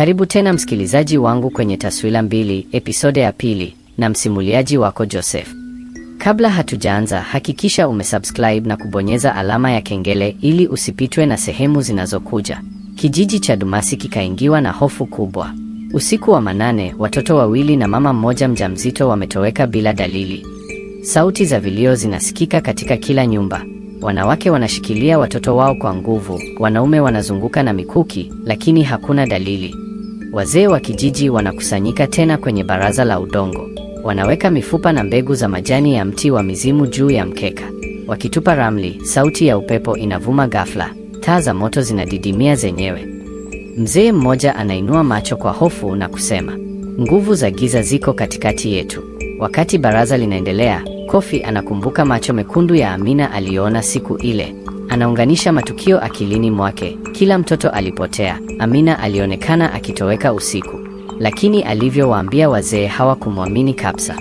Karibu tena msikilizaji wangu kwenye Taswira Mbili, episode ya pili, na msimuliaji wako Joseph. Kabla hatujaanza, hakikisha umesubscribe na kubonyeza alama ya kengele ili usipitwe na sehemu zinazokuja. Kijiji cha Dumasi kikaingiwa na hofu kubwa. Usiku wa manane, watoto wawili na mama mmoja mjamzito wametoweka bila dalili. Sauti za vilio zinasikika katika kila nyumba. Wanawake wanashikilia watoto wao kwa nguvu, wanaume wanazunguka na mikuki, lakini hakuna dalili. Wazee wa kijiji wanakusanyika tena kwenye baraza la udongo. Wanaweka mifupa na mbegu za majani ya mti wa mizimu juu ya mkeka, wakitupa ramli. Sauti ya upepo inavuma ghafla, taa za moto zinadidimia zenyewe. Mzee mmoja anainua macho kwa hofu na kusema, nguvu za giza ziko katikati yetu. Wakati baraza linaendelea, Kofi anakumbuka macho mekundu ya Amina aliyoona siku ile. Anaunganisha matukio akilini mwake. Kila mtoto alipotea, Amina alionekana akitoweka usiku, lakini alivyowaambia wazee hawakumwamini kabisa.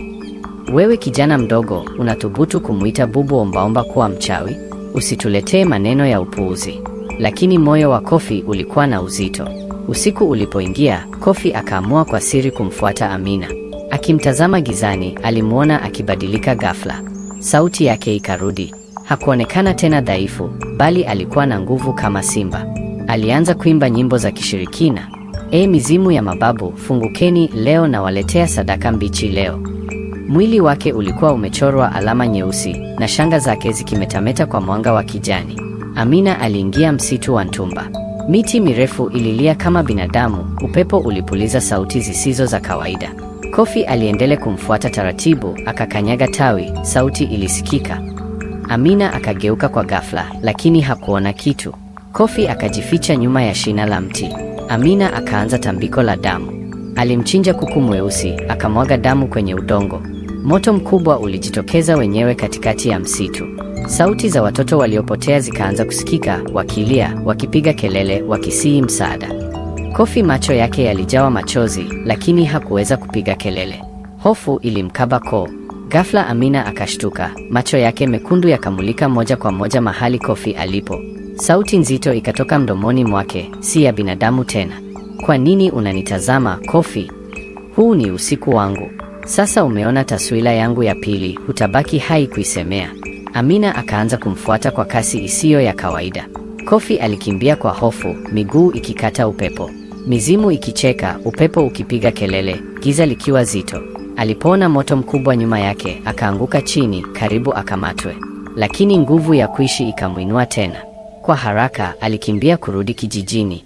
Wewe kijana mdogo, unathubutu kumwita bubu ombaomba kuwa mchawi? Usituletee maneno ya upuuzi. Lakini moyo wa Kofi ulikuwa na uzito. Usiku ulipoingia, Kofi akaamua kwa siri kumfuata Amina. Akimtazama gizani, alimwona akibadilika ghafla. Sauti yake ikarudi. Hakuonekana tena dhaifu, bali alikuwa na nguvu kama simba. Alianza kuimba nyimbo za kishirikina. E, mizimu ya mababu, fungukeni leo, na waletea sadaka mbichi leo. Mwili wake ulikuwa umechorwa alama nyeusi na shanga zake zikimetameta kwa mwanga wa kijani. Amina aliingia msitu wa Ntumba. Miti mirefu ililia kama binadamu, upepo ulipuliza sauti zisizo za kawaida. Kofi aliendelea kumfuata taratibu, akakanyaga tawi. Sauti ilisikika. Amina akageuka kwa ghafla, lakini hakuona kitu. Kofi akajificha nyuma ya shina la mti. Amina akaanza tambiko la damu. Alimchinja kuku mweusi, akamwaga damu kwenye udongo. Moto mkubwa ulijitokeza wenyewe katikati ya msitu. Sauti za watoto waliopotea zikaanza kusikika, wakilia, wakipiga kelele, wakisihi msaada. Kofi macho yake yalijawa machozi, lakini hakuweza kupiga kelele. Hofu ilimkaba koo. Ghafla Amina akashtuka, macho yake mekundu yakamulika moja kwa moja mahali Kofi alipo. Sauti nzito ikatoka mdomoni mwake, si ya binadamu tena. Kwa nini unanitazama Kofi? Huu ni usiku wangu. Sasa umeona taswira yangu ya pili, hutabaki hai kuisemea. Amina akaanza kumfuata kwa kasi isiyo ya kawaida. Kofi alikimbia kwa hofu, miguu ikikata upepo mizimu ikicheka, upepo ukipiga kelele, giza likiwa zito. Alipoona moto mkubwa nyuma yake, akaanguka chini, karibu akamatwe, lakini nguvu ya kuishi ikamwinua tena. Kwa haraka alikimbia kurudi kijijini.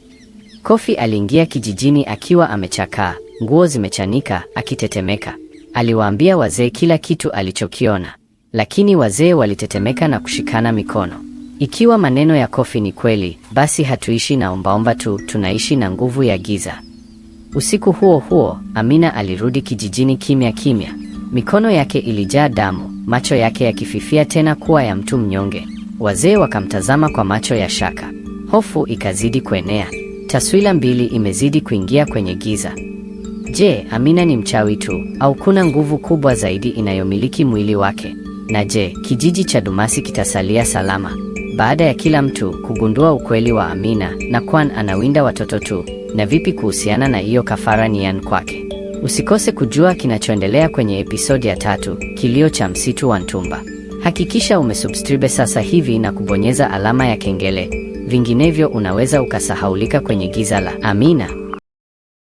Kofi aliingia kijijini akiwa amechakaa, nguo zimechanika, akitetemeka. Aliwaambia wazee kila kitu alichokiona, lakini wazee walitetemeka na kushikana mikono. Ikiwa maneno ya kofi ni kweli, basi hatuishi na ombaomba tu, tunaishi na nguvu ya giza. Usiku huo huo, Amina alirudi kijijini kimya kimya. Mikono yake ilijaa damu, macho yake yakififia tena kuwa ya mtu mnyonge. Wazee wakamtazama kwa macho ya shaka. Hofu ikazidi kuenea. Taswira mbili imezidi kuingia kwenye giza. Je, Amina ni mchawi tu au kuna nguvu kubwa zaidi inayomiliki mwili wake? Na je, kijiji cha Dumasi kitasalia salama? Baada ya kila mtu kugundua ukweli wa Amina na Kwan anawinda watoto tu, na vipi kuhusiana na hiyo kafara yan kwake? Usikose kujua kinachoendelea kwenye episodi ya tatu, Kilio cha Msitu wa Ntumba. Hakikisha umesubscribe sasa hivi na kubonyeza alama ya kengele, vinginevyo unaweza ukasahaulika kwenye giza la Amina.